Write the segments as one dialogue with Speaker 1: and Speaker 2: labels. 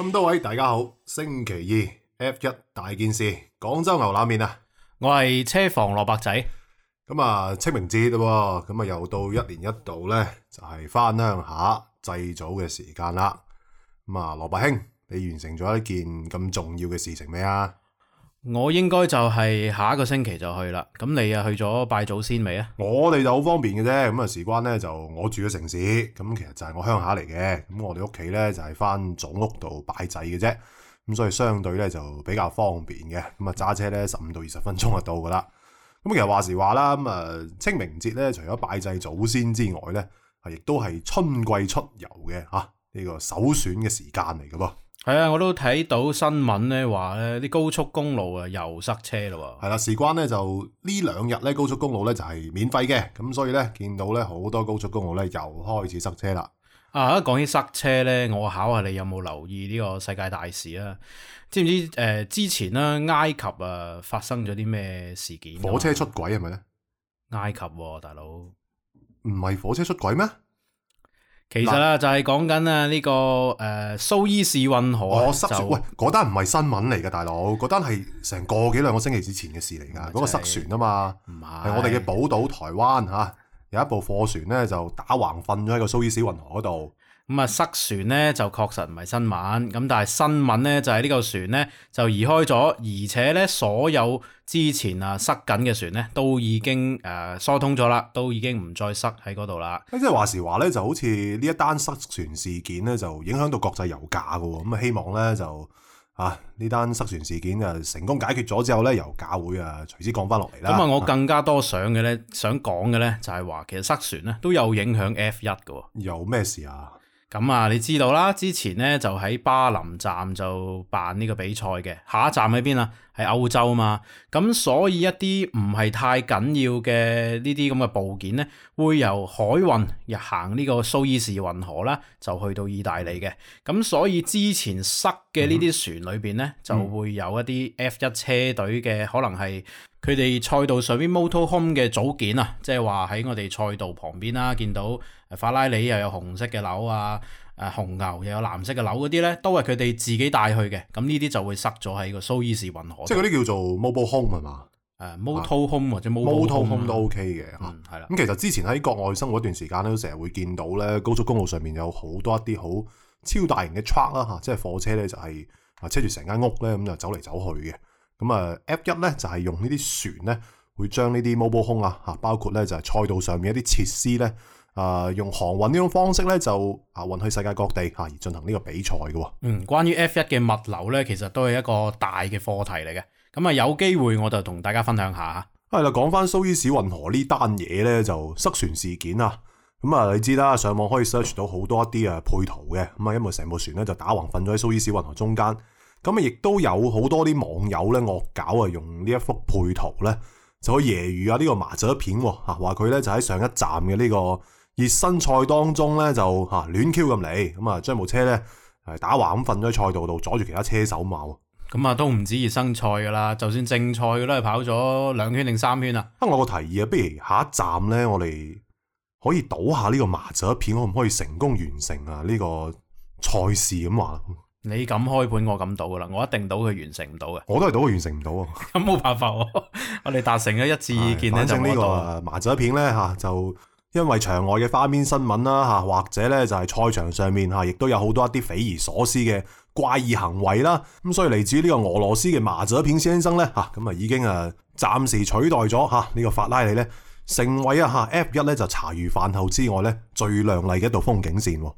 Speaker 1: 咁多位大家好，星期二 F1 大件事，廣州牛腩麵啊！我係車房蘿蔔仔。咁啊，清明節喎，啊，咁啊又到一年一度咧，就係返鄉下祭祖嘅時間啦。咁啊，蘿蔔兄，你完成咗一件咁重要嘅事情未啊？我應該就係下
Speaker 2: 一個星期就去啦，咁你啊去咗拜祖先未啊？
Speaker 1: 我哋就好方便嘅啫，咁啊事關咧就我住嘅城市，咁其實就係我鄉下嚟嘅，咁我哋屋企咧就係翻祖屋度拜祭嘅啫，咁所以相對咧就比較方便嘅，咁啊揸車咧十五到二十分鐘就到噶啦，咁其實話時話啦，咁啊清明節咧除咗拜祭祖先之外咧，係亦都係春季出遊嘅吓呢個首選嘅時間嚟噶噃。
Speaker 2: 係啊，我都睇到新聞咧，話咧啲高速公路啊又塞車咯。
Speaker 1: 係啦，事關咧就呢兩日咧高速公路咧就係免費嘅，咁所以咧見到咧好多高速公路咧又開始塞車啦。
Speaker 2: 啊，一講起塞車咧，我考下你有冇留意呢個世界大事啊？知唔知誒之前咧埃、埃及啊發生咗啲咩事件？火車出軌係咪咧？埃及，大佬
Speaker 1: 唔係火車出軌咩？其實就
Speaker 2: 係講緊呢個誒蘇、呃、伊士運
Speaker 1: 河啊、哦，塞船就喂嗰單唔係新聞嚟嘅，大佬嗰單係成個幾兩個星期之前嘅事嚟㗎，嗰、嗯、個失船啊嘛，係、就是、我哋嘅寶島台灣有一部貨船咧就打橫瞓咗喺個蘇伊士運河嗰度。咁啊、嗯，塞船咧就確實唔係新聞，咁
Speaker 2: 但係新聞咧就係、是、呢個船咧就移開咗，而且咧所有之前啊塞緊嘅船咧都已經誒疏通咗啦，都已經唔、呃、再塞喺嗰度啦。
Speaker 1: 即係話時話咧，就好似呢一單塞船事件咧，就影響到國際油價㗎喎。咁、嗯、啊，希望咧就啊呢單塞船事件啊成功解決咗之後咧，油價會啊隨之降返落嚟啦。咁啊、嗯，嗯、我
Speaker 2: 更加多想嘅咧，想講嘅咧就係、是、話其實塞船咧都有影響 F 一㗎喎。有咩事啊？咁啊，你知道啦，之前咧就喺巴林站就辦呢個比賽嘅，下一站喺邊啊？係歐洲嘛，咁所以一啲唔係太緊要嘅呢啲咁嘅部件咧，會由海運入行呢個蘇伊士運河啦，就去到意大利嘅。咁所以之前塞嘅呢啲船裏邊咧，就會有一啲 F1 車隊嘅、嗯、可能係佢哋賽道上面 Moto Home 嘅組件啊，即係話喺我哋賽道旁邊啦、啊，見到法拉利又有紅色嘅樓啊。誒紅牛又有藍色嘅樓嗰啲咧，都係佢哋自己帶去嘅，咁呢啲就會塞咗喺個蘇伊士運河。即係嗰
Speaker 1: 啲叫做 mobile home 係嘛？誒、uh，mobile Motor home、uh, 或者 mobile home 都 OK 嘅嚇，啦、嗯。咁、嗯、其實之前喺國外生活一段時間咧，都成日會見到咧，高速公路上面有好多一啲好超大型嘅 truck 啦、啊、嚇，即係火車咧就係啊車住成間屋咧，咁就走嚟走去嘅。咁啊，F1 咧就係、是、用呢啲船咧，會將呢啲 mobile home 啊嚇，包括咧就係賽道上面一啲設施咧。啊，用航運呢種方式咧，就啊運去世界各地啊，而進行呢個比賽嘅喎、啊。嗯，
Speaker 2: 關於 F1 嘅物流咧，其實都係一個大嘅課題嚟嘅。咁啊，有機會我就同大家分享下
Speaker 1: 嚇。係啦，講翻蘇伊士運河呢單嘢咧，就塞船事件啊。咁、嗯、啊，你知啦、啊，上網可以 search 到好多一啲啊配圖嘅。咁啊，因為成部船咧就打橫瞓咗喺蘇伊士運河中間。咁啊，亦都有好多啲網友咧惡搞啊，用呢一幅配圖咧，就可以揶揄啊呢個麻雀片嚇，話佢咧就喺上一站嘅呢、呢個。熱身賽當中咧就吓亂 Q 咁嚟，咁啊將部車咧係打橫咁瞓咗喺賽道度，阻住其他車手嘛。
Speaker 2: 咁啊都唔止熱身賽噶啦，就算正賽佢都係跑咗
Speaker 1: 兩圈定三圈啦。啊，我個提議啊，不如下一站咧，我哋可以賭下呢個麻雀片可唔可以成功完成啊？呢個賽事咁話。你敢開盤，我敢賭噶啦，我一定賭佢完成唔到嘅。我都係賭佢完成唔到啊。咁冇 辦法，
Speaker 2: 我哋達成咗一致意見咧，就呢個
Speaker 1: 麻雀片咧吓就。因為場外嘅花邊新聞啦，吓或者咧就係賽場上面吓，亦都有好多一啲匪夷所思嘅怪異行為啦，咁所以嚟自呢個俄羅斯嘅麻雀片先生咧，吓咁啊已經啊暫時取代咗吓呢個法拉利咧，成為啊吓 F 一咧就茶餘飯後之外咧最靚麗嘅一道風景線。啊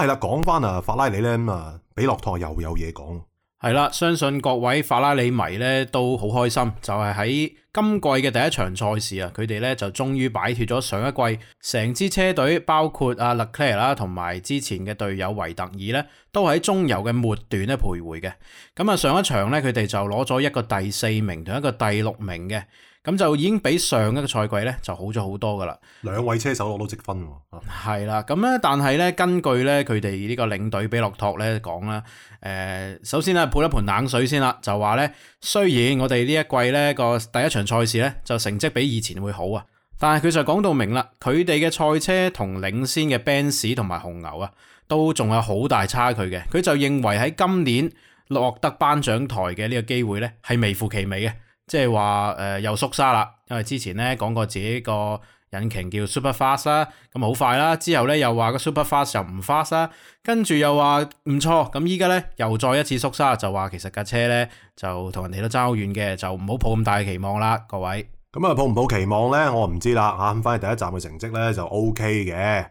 Speaker 1: 係啦，講翻啊法拉利咧，咁啊比諾托又有嘢講。
Speaker 2: 係啦，相信各位法拉利迷咧都好開心，就係喺今季嘅第一場賽事啊，佢哋咧就終於擺脫咗上一季成支車隊，包括阿勒克萊啦，同埋之前嘅隊友維特爾咧，都喺中游嘅末段咧徘徊嘅。咁啊，上一場咧，佢哋就攞咗一個第四名同一個第六名嘅。咁就已經比上一個賽季咧就好咗好多噶啦。兩位車手攞到積分喎、啊。係啦，咁咧，但係咧，根據咧佢哋呢個領隊比洛托咧講啦，誒、呃，首先咧潑一盆冷水先啦，就話咧，雖然我哋呢一季咧個第一場賽事咧就成績比以前會好啊，但係佢就講到明啦，佢哋嘅賽車同領先嘅 Benz 同埋紅牛啊，都仲有好大差距嘅。佢就認為喺今年落得頒獎台嘅呢個機會咧係微乎其微嘅。即係話誒又縮沙啦，因為之前咧講過自己個引擎叫 Super Fast 啦、啊，咁、嗯、好快啦。之後咧又話個 Super Fast 又唔 fast 啦，跟住又話唔錯。咁依家咧又再一次縮沙，就話其實架車咧就同人哋都爭好遠嘅，就唔好抱咁大嘅期望啦，
Speaker 1: 各位。咁啊，抱唔抱期望咧，我唔知啦嚇。咁、啊、反而第一站嘅成績咧就 OK 嘅。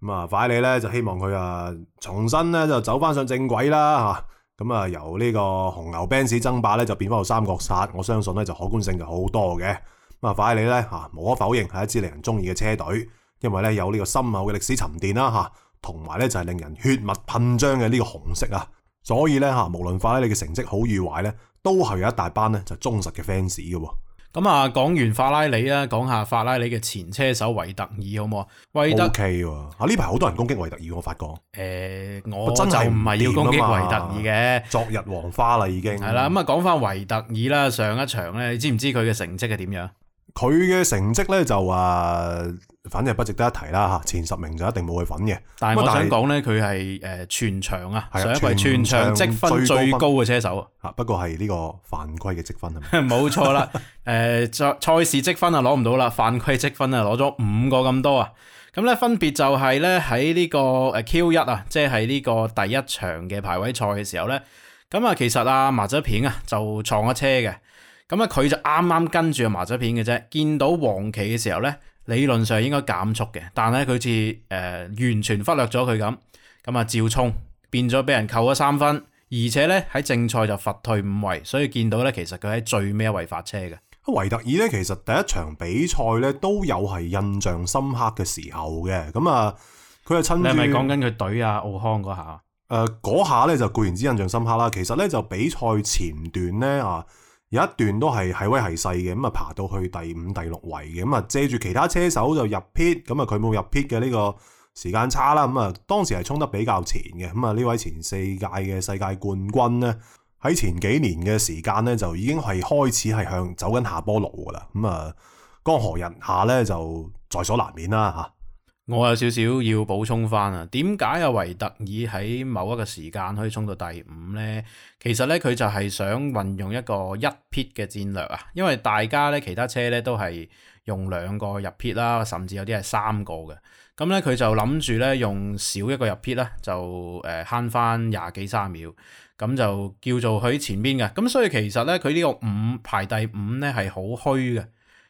Speaker 1: 咁啊，反正你咧就希望佢啊重新咧就走翻上正軌啦嚇。啊。咁啊，由呢個紅牛 Benz 爭霸咧，就變翻到三國殺，我相信咧就可觀性就好多嘅。咁啊，法拉利咧吓，無可否認係一支令人中意嘅車隊，因為咧有呢個深厚嘅歷史沉澱啦吓，同埋咧就係令人血脈噴張嘅呢個紅色啊。所以咧吓，無論法拉利嘅成績好與壞咧，都係有一大班咧就忠實嘅 fans 嘅。咁
Speaker 2: 啊，講完法拉利啦，講下法拉利嘅前車手維特爾好唔好啊？維特 K
Speaker 1: 喎，呢排好多人攻擊維特爾，我發覺。誒、欸，我就唔係要攻擊維特爾嘅，
Speaker 2: 昨日黃花啦已經。係啦，咁啊，講翻維特爾啦，上一場咧，你知唔知佢嘅成績係點樣？
Speaker 1: 佢嘅成績咧就話，反正不值得一提啦嚇，前十名就一定冇佢份嘅。但係我想講
Speaker 2: 咧，佢係誒全場
Speaker 1: 啊，是上一位全場積分最高嘅車手啊。嚇，不過係呢個犯規嘅積分係冇錯啦，誒賽
Speaker 2: 賽事積分啊攞唔到啦，犯規積分啊攞咗五個咁多啊。咁咧分別就係咧喺呢個誒 Q 一啊，即係呢個第一場嘅排位賽嘅時候咧。咁啊，其實啊馬澤平啊就撞咗車嘅。咁咧，佢就啱啱跟住麻雀片嘅啫。見到黃旗嘅時候咧，理論上應該減速嘅，但係佢好似誒完全忽略咗佢咁。咁啊，照衝變咗俾人扣咗三分，而且咧喺正賽就罰退五位，所以見到咧其實佢喺最尾一位發車嘅。啊，維特爾
Speaker 1: 咧，其實第一場比賽咧都有係印象深刻嘅時候嘅。咁啊，佢係親，你係咪講
Speaker 2: 緊佢懟啊奧康嗰下？誒、
Speaker 1: 呃，嗰下咧就固然之印象深刻啦。其實咧就比賽前段咧啊。有一段都係係威係勢嘅，咁啊爬到去第五、第六位嘅，咁啊借住其他車手就入 pit，咁啊佢冇入 pit 嘅呢個時間差啦，咁啊當時係衝得比較前嘅，咁啊呢位前四屆嘅世界冠軍呢，喺前幾年嘅時間呢就已經係開始係向走緊下坡路噶啦，咁啊江河日下呢就在所難免啦吓。
Speaker 2: 我有少少要補充翻啊，點解阿維特爾喺某一個時間可以衝到第五呢？其實呢，佢就係想運用一個一 pit 嘅戰略啊，因為大家呢，其他車呢都係用兩個入 pit 啦，甚至有啲係三個嘅。咁、嗯、呢，佢就諗住呢，用少一個入 pit 啦，就誒慳翻廿幾卅秒，咁、嗯、就叫做佢前邊嘅。咁、嗯、所以其實呢，佢呢個五排第五呢係好虛嘅，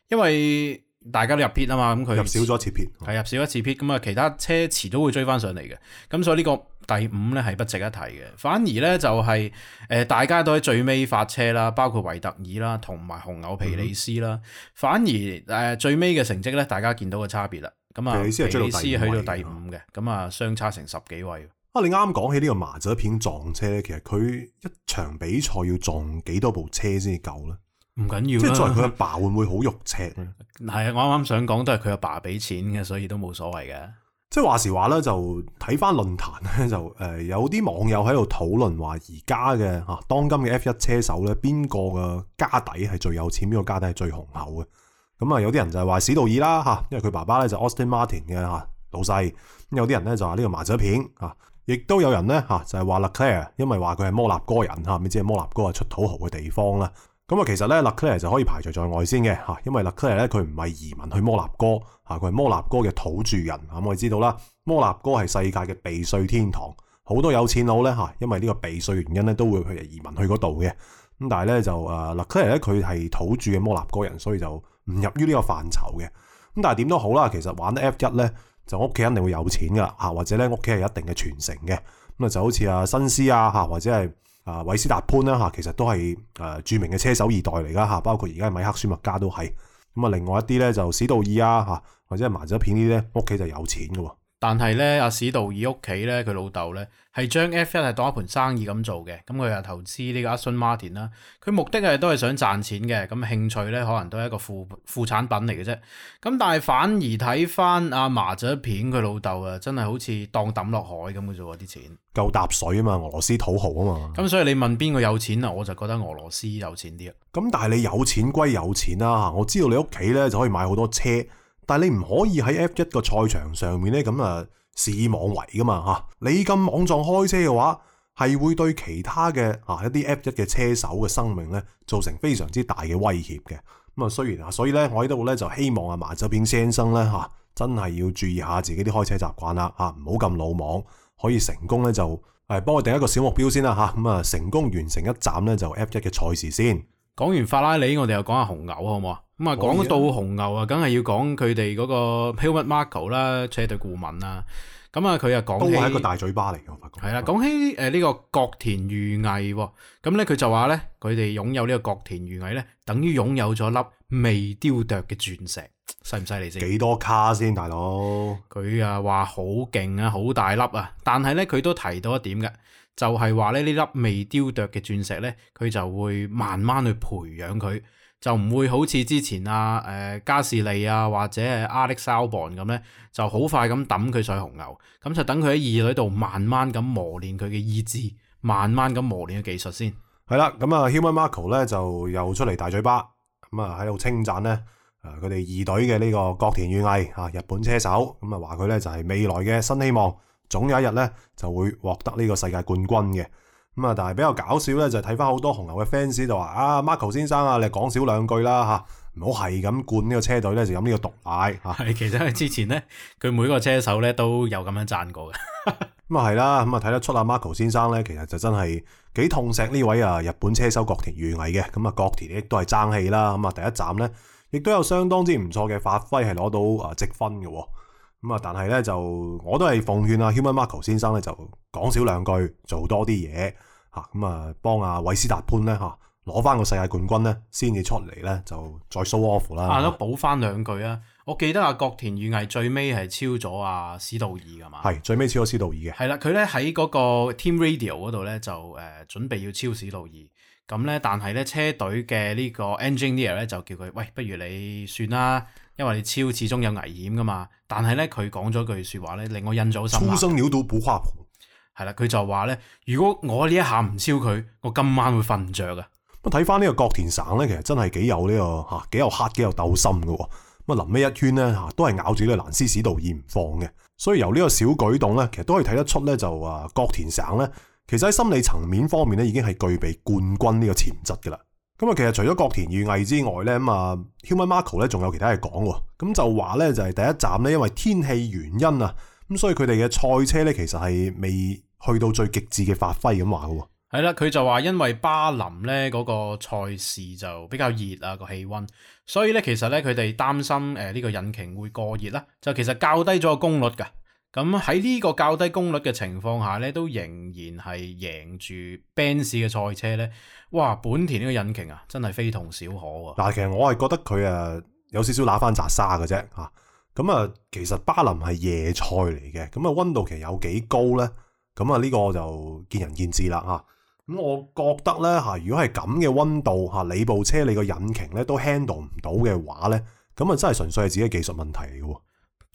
Speaker 2: 因為。大家都入片啊嘛，咁佢入少咗一次片，係入少一次片，咁啊其他車遲都會追翻上嚟嘅，咁所以呢個第五咧係不值一提嘅，反而咧就係誒大家都喺最尾發車啦，包括維特爾啦同埋紅牛皮里斯啦，嗯、哼反而誒最尾嘅成績咧，大家見到個差別啦，咁啊皮里斯係追到第五嘅，咁啊相差成十幾位。
Speaker 1: 啊，你啱啱講起呢個麻雀片撞車咧，其實佢一場比賽要撞幾多部車先夠咧？
Speaker 2: 唔緊要，即係作為佢阿爸
Speaker 1: 會唔會好肉赤咧？
Speaker 2: 係啊， 我啱啱想講都係佢阿爸俾錢嘅，所以都冇所謂嘅。
Speaker 1: 即係話時話咧，就睇翻論壇咧，就誒有啲網友喺度討論話，而家嘅吓當今嘅 F 一車手咧，邊個嘅家底係最有錢，邊個家底係最雄厚嘅？咁、嗯、啊，有啲人就係話史道爾啦吓，因為佢爸爸咧就 Aston Martin 嘅吓老細。有啲人咧就話呢個麻雀片吓，亦都有人咧吓就係話 Leclerc，因為話佢係摩納哥人吓，你知啊摩納哥啊出土豪嘅地方啦。咁啊，其實咧，勒克萊就可以排除在外先嘅吓，因為勒克萊咧佢唔係移民去摩納哥吓，佢係摩納哥嘅土著人。咁我哋知道啦，摩納哥係世界嘅避稅天堂，好多有錢佬咧吓，因為呢個避稅原因咧都會去移民去嗰度嘅。咁但係咧就誒，勒克萊咧佢係土著嘅摩納哥人，所以就唔入於呢個範疇嘅。咁但係點都好啦，其實玩得 F1 咧，就屋企肯定會有錢噶吓，或者咧屋企係一定嘅傳承嘅。咁啊，就好似啊新思啊吓，或者係。啊，韋斯達潘啦嚇、啊，其實都係誒、啊、著名嘅車手二代嚟㗎嚇，包括而家嘅米克舒麥加都係。咁啊另外一啲咧就史道爾啊嚇、啊，或者係麻子片呢啲咧屋企就有錢㗎喎、啊。
Speaker 2: 但係咧，阿、啊、史道爾屋企咧，佢老豆咧係將 F1 係當一盤生意咁做嘅，咁佢又投資呢個阿孫 Martin 啦，佢目的係都係想賺錢嘅，咁、那個、興趣咧可能都係一個副副產品嚟嘅啫。咁但係反而睇翻阿麻雀片佢老豆啊，真係好似當抌落海咁嘅啫，啲錢
Speaker 1: 夠搭水啊嘛，俄羅斯土豪啊嘛。
Speaker 2: 咁所以你問邊個有錢啊？我就覺得俄羅斯有錢啲。啊。
Speaker 1: 咁但係你有錢歸有錢啦、啊、我知道你屋企咧就可以買好多車。但係你唔可以喺 F 一嘅賽場上面咧咁啊肆意妄為噶嘛吓，你咁莽撞開車嘅話，係會對其他嘅啊一啲 F 一嘅車手嘅生命咧造成非常之大嘅威脅嘅。咁啊雖然啊，所以咧我喺度咧就希望啊麻澤片先生咧吓、啊，真係要注意下自己啲開車習慣啦，吓唔好咁魯莽，可以成功咧就係、啊、幫我定一個小目標先啦、啊、吓，咁啊成功完成一站咧就 F 一嘅賽事先。講完法拉利，我哋又講下紅牛，好唔好啊？
Speaker 2: 咁啊，講到紅牛啊，梗係要講佢哋嗰個 Helmut Marko 啦，車隊顧問啦。咁啊，佢啊講係一個大嘴巴嚟嘅，我發覺係啦。講起誒呢、呃這個哦、個角田裕毅，咁咧佢就話咧，佢哋擁有呢個角田裕毅咧，等於擁有咗粒未雕琢嘅鑽石，犀唔犀利先？幾多卡先，大佬？佢啊話好勁啊，好大粒啊！但係咧，佢都提到一點嘅，就係話咧呢粒未雕琢嘅鑽石咧，佢就會慢慢去培養佢。就唔會好似之前啊，誒、呃、加士利啊或者 Alex Albon 咁咧，就好快咁抌佢上紅牛，咁就等佢喺二隊度慢慢咁磨練佢嘅意志，慢慢咁磨練
Speaker 1: 佢技術先。係啦，咁啊，HUMAN MARCO 咧就又出嚟大嘴巴，咁啊喺度稱讚咧，誒佢哋二隊嘅呢個角田裕毅啊日本車手，咁啊話佢咧就係、是、未來嘅新希望，總有一日咧就會獲得呢個世界冠軍嘅。咁啊，但係比較搞笑咧，就係睇翻好多紅牛嘅 fans 就話：啊，Marco 先生啊，你講少兩句啦嚇，唔好係咁灌呢個車隊咧，就飲呢個毒奶嚇。係，
Speaker 2: 其實之前咧，
Speaker 1: 佢每個車手咧都
Speaker 2: 有咁樣讚過嘅。
Speaker 1: 咁啊係啦，咁啊睇得出啊 Marco 先生咧，其實就真係幾痛錫呢位啊日本車手角田裕毅嘅。咁、嗯、啊，角田亦都係爭氣啦。咁、嗯、啊，第一站咧，亦都有相當之唔錯嘅發揮，係攞到啊積分嘅。咁啊，但係咧就我都係奉勸阿 Helmut Marko 先生咧，就講少兩句，做多啲嘢吓，咁啊幫阿韋斯達潘咧吓攞翻個世界冠軍咧，先至出嚟咧就再 show off 啦。啊，都
Speaker 2: 補翻兩句啊！我記得阿、啊、角田裕毅最尾係超咗啊史道
Speaker 1: 爾㗎嘛？係最尾超咗史道爾嘅。係
Speaker 2: 啦，佢咧喺嗰個 Team Radio 嗰度咧就誒、呃、準備要超史道爾。咁咧，但係咧車隊嘅呢個 engineer 咧就叫佢喂，不如你算啦，因為你超始終有危險噶嘛。但係咧佢講咗句說話咧，令我印象好深。初生鳥到補花圃係啦，佢、啊、就話咧，如果我呢一下唔超佢，我今晚會瞓唔着噶。咁
Speaker 1: 睇翻呢個角田省咧，其實真係幾有呢、這個吓，幾、啊、有黑，幾有鬥心噶。咁啊，臨尾一圈咧吓，都係咬住呢個蘭斯史道而唔放嘅。所以由呢個小舉動咧，其實都可以睇得出咧就啊，角田省咧。其實喺心理層面方面咧，已經係具備冠軍呢個潛質噶啦。咁啊，其實除咗角田裕毅之外咧，咁啊，Helmut Marko 咧，仲有其他嘢講喎。咁就話咧，就係第一站咧，因為天氣原因啊，咁所以佢哋嘅賽車咧，其實係未去到最極致嘅發揮咁話噶。
Speaker 2: 係啦，佢就話因為巴林咧嗰個賽事就比較熱啊、嗰個氣溫，所以咧其實咧佢哋擔心誒呢個引擎會過熱啦，就其實較低咗個功率噶。咁喺呢個較低功率嘅情況下咧，都仍然係贏住 Benz 嘅賽車咧。哇！本田呢個引擎啊，真係非同小可喎。
Speaker 1: 嗱，其實我係覺得佢啊有少少打翻雜沙嘅啫。吓，咁啊，其實巴林係夜賽嚟嘅，咁啊温度其實有幾高咧。咁啊呢個就見仁見智啦。吓、啊，咁我覺得咧吓、啊，如果係咁嘅温度吓、啊，你部車你個引擎咧都 handle 唔到嘅話咧，咁啊真係純粹係自己嘅技術問題嚟嘅。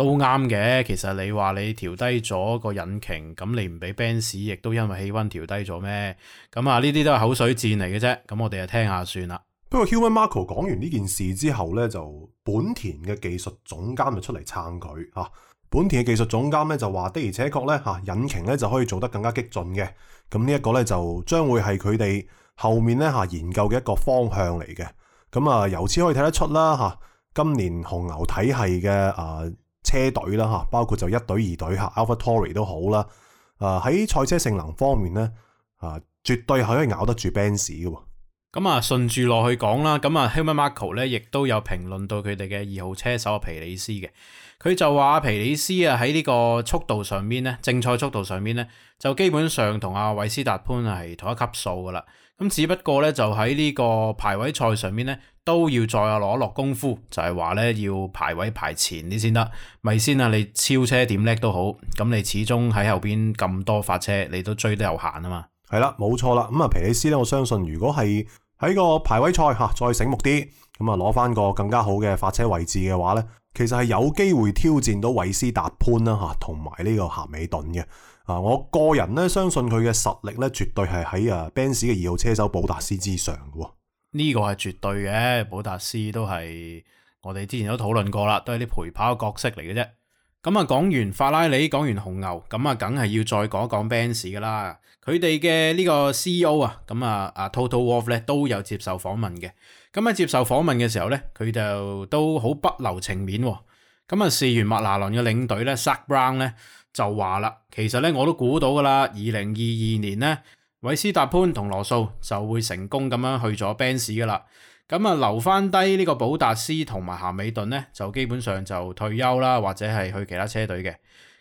Speaker 2: 都啱嘅，其實你話你調低咗個引擎，咁你唔俾 Benz 亦都因為氣温調低咗咩？咁啊呢啲都係口水戰嚟嘅啫。咁我哋就聽下算啦。
Speaker 1: 不過 Helmut Marko 講完呢件事之後呢，就本田嘅技術總監就出嚟撐佢嚇。本田嘅技術總監就呢就話的而且確咧嚇，引擎咧就可以做得更加激進嘅。咁呢一個呢，就將會係佢哋後面咧嚇、啊、研究嘅一個方向嚟嘅。咁啊由此可以睇得出啦嚇、啊，今年紅牛體系嘅啊～車隊啦，吓包括就一隊二隊吓 AlphaTauri 都好啦，誒喺賽車性能方面咧，啊絕對係可以咬得住 Benz 嘅。
Speaker 2: 咁啊順住落去講啦，咁啊 Helmut Marko 咧亦都有評論到佢哋嘅二號車手皮里斯嘅，佢就話阿皮里斯啊喺呢個速度上面咧，正賽速度上面咧就基本上同阿維斯塔潘係同一級數噶啦，咁只不過咧就喺呢個排位賽上面咧。都要再攞落功夫，就係話咧要排位排前啲，mm hmm. 先得，咪先啊！你超車點叻都好，咁你始終喺後邊咁多發車，你都追得有限啊嘛。
Speaker 1: 係啦，冇錯啦，咁啊皮里斯咧，我相信如果係喺個排位賽吓，啊、再醒目啲，咁啊攞翻個更加好嘅發車位置嘅話呢，其實係有機會挑戰到韋斯達潘啦吓，同埋呢個夏美頓嘅啊，我個人咧相信佢嘅實力呢，絕對係喺啊奔馳嘅二號車手保達斯之上嘅。
Speaker 2: 呢個係絕對嘅，寶達斯都係我哋之前都討論過啦，都係啲陪跑角色嚟嘅啫。咁啊，講完法拉利，講完紅牛，咁啊，梗係要再講一講 Benz 噶啦。佢哋嘅呢個 CEO 啊，咁啊啊 Toto Wolf 咧都有接受訪問嘅。咁、嗯、啊，接受訪問嘅時候咧，佢就都好不留情面。咁、嗯、啊，事緣麥拿倫嘅領隊咧，Zak Brown 咧就話啦，其實咧我都估到噶啦，二零二二年咧。韋斯達潘同羅素就會成功咁樣去咗 Benz 噶啦，咁啊留翻低呢個保達斯同埋咸美頓咧就基本上就退休啦，或者係去其他車隊嘅。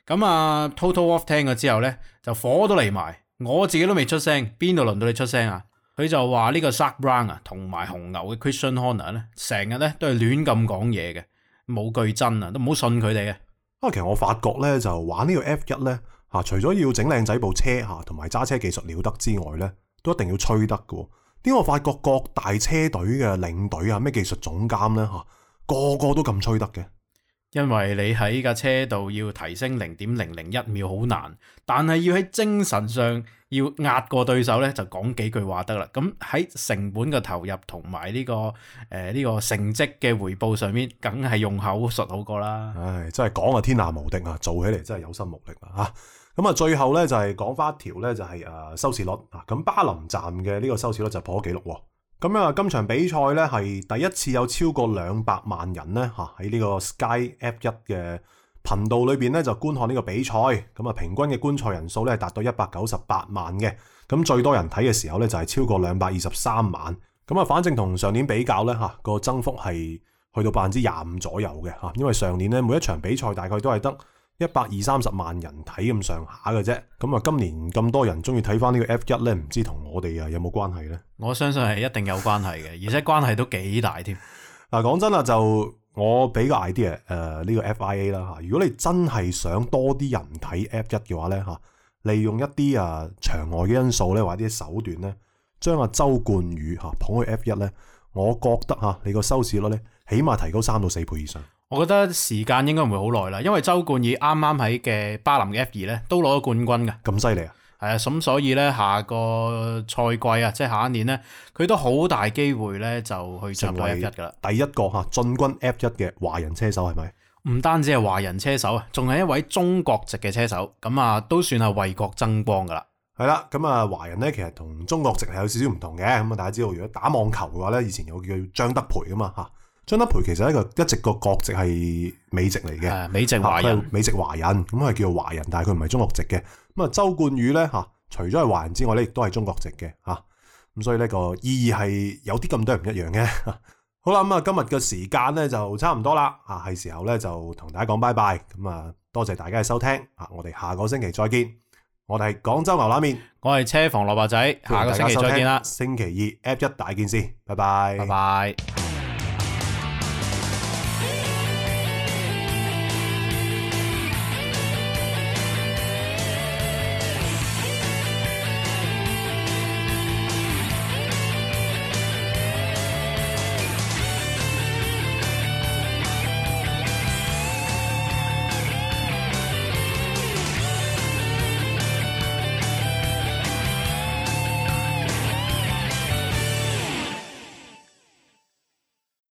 Speaker 2: 咁啊，Total Off 聽咗之後咧就火都嚟埋，我自己都未出聲，邊度輪到你出聲啊？佢就話呢個 Sark Brown 啊同埋紅牛嘅 Christian Horner 咧成日咧都係亂
Speaker 1: 咁講嘢嘅，冇句真啊，都唔好信佢哋嘅。啊，其實我發覺咧就玩呢個 F 一咧。吓、啊，除咗要整靚仔部車吓，同埋揸車技術了得之外呢，都一定要吹得嘅。點我發覺各大車隊嘅領隊啊，咩技術總監呢？吓、啊，個個都咁吹得嘅。
Speaker 2: 因為你喺架車度要提升零點零零一秒好難，但係要喺精神上要壓過對手呢，就講幾句話得啦。咁喺成本嘅投入同埋呢個誒呢、呃這個成績嘅回
Speaker 1: 報上面，梗係用口術好過啦。唉，真係講啊天下無敵啊，做起嚟真係有心無力啦、啊、吓。咁啊，最後咧就係講翻一條咧，就係誒收視率啊。咁巴林站嘅呢個收視率就破紀錄喎。咁啊，今場比賽咧係第一次有超過兩百萬人咧嚇喺呢個 Sky F1 嘅頻道裏邊咧就觀看呢個比賽。咁啊，平均嘅觀賽人數咧達到一百九十八萬嘅。咁最多人睇嘅時候咧就係超過兩百二十三萬。咁啊，反正同上年比較咧嚇個增幅係去到百分之廿五左右嘅嚇。因為上年咧每一場比賽大概都係得，一百二三十萬人睇咁上下嘅啫，咁啊今年咁多人中意睇翻呢個 F 一呢，唔知同我哋啊有冇關係呢？
Speaker 2: 我相信係一定有關係嘅，而且關係都幾大添。
Speaker 1: 嗱講 真啦，就我俾個 idea，呢、呃呢個 FIA 啦嚇，如果你真係想多啲人睇 F 一嘅話呢，嚇，利用一啲啊場外嘅因素呢，或者啲手段呢，將阿周冠宇嚇捧去 F 一呢，我覺得嚇你個收視率呢，起碼提高三到四倍以上。
Speaker 2: 我覺得時間應該唔會好耐啦，因為周冠宇啱啱喺嘅巴林嘅 F 二咧，都攞咗冠軍嘅。咁犀利啊！係啊，咁所以咧下個賽季啊，即係下一年咧，佢都好大機會咧就去進到 F 一噶啦，
Speaker 1: 第一個吓進軍 F 一嘅華人車手係咪？唔
Speaker 2: 單止係華人車手啊，仲係一位中國籍嘅車
Speaker 1: 手，咁啊都算係為國爭光噶啦。係啦，咁啊華人咧其實同中國籍係有少少唔同嘅，咁啊大家知道如果打網球嘅話咧，以前有叫張德培噶嘛吓。張德培其實一個一直個國籍係美籍嚟嘅，美籍華人，美籍華人咁係叫華人，但係佢唔係中國籍嘅。咁啊，周冠宇咧嚇，除咗係華人之外咧，亦都係中國籍嘅嚇。咁所以呢個意義係有啲咁多唔一樣嘅。好啦，咁、嗯、啊今日嘅時間咧就差唔多啦。啊，係時候咧就同大家講拜拜。咁啊，多謝大家嘅收聽。啊，我哋下個星期再見。我哋係廣州牛腩麵，我係車房蘿蔔仔。下個星期再見啦。星期二 F1 大件事，拜拜。拜拜。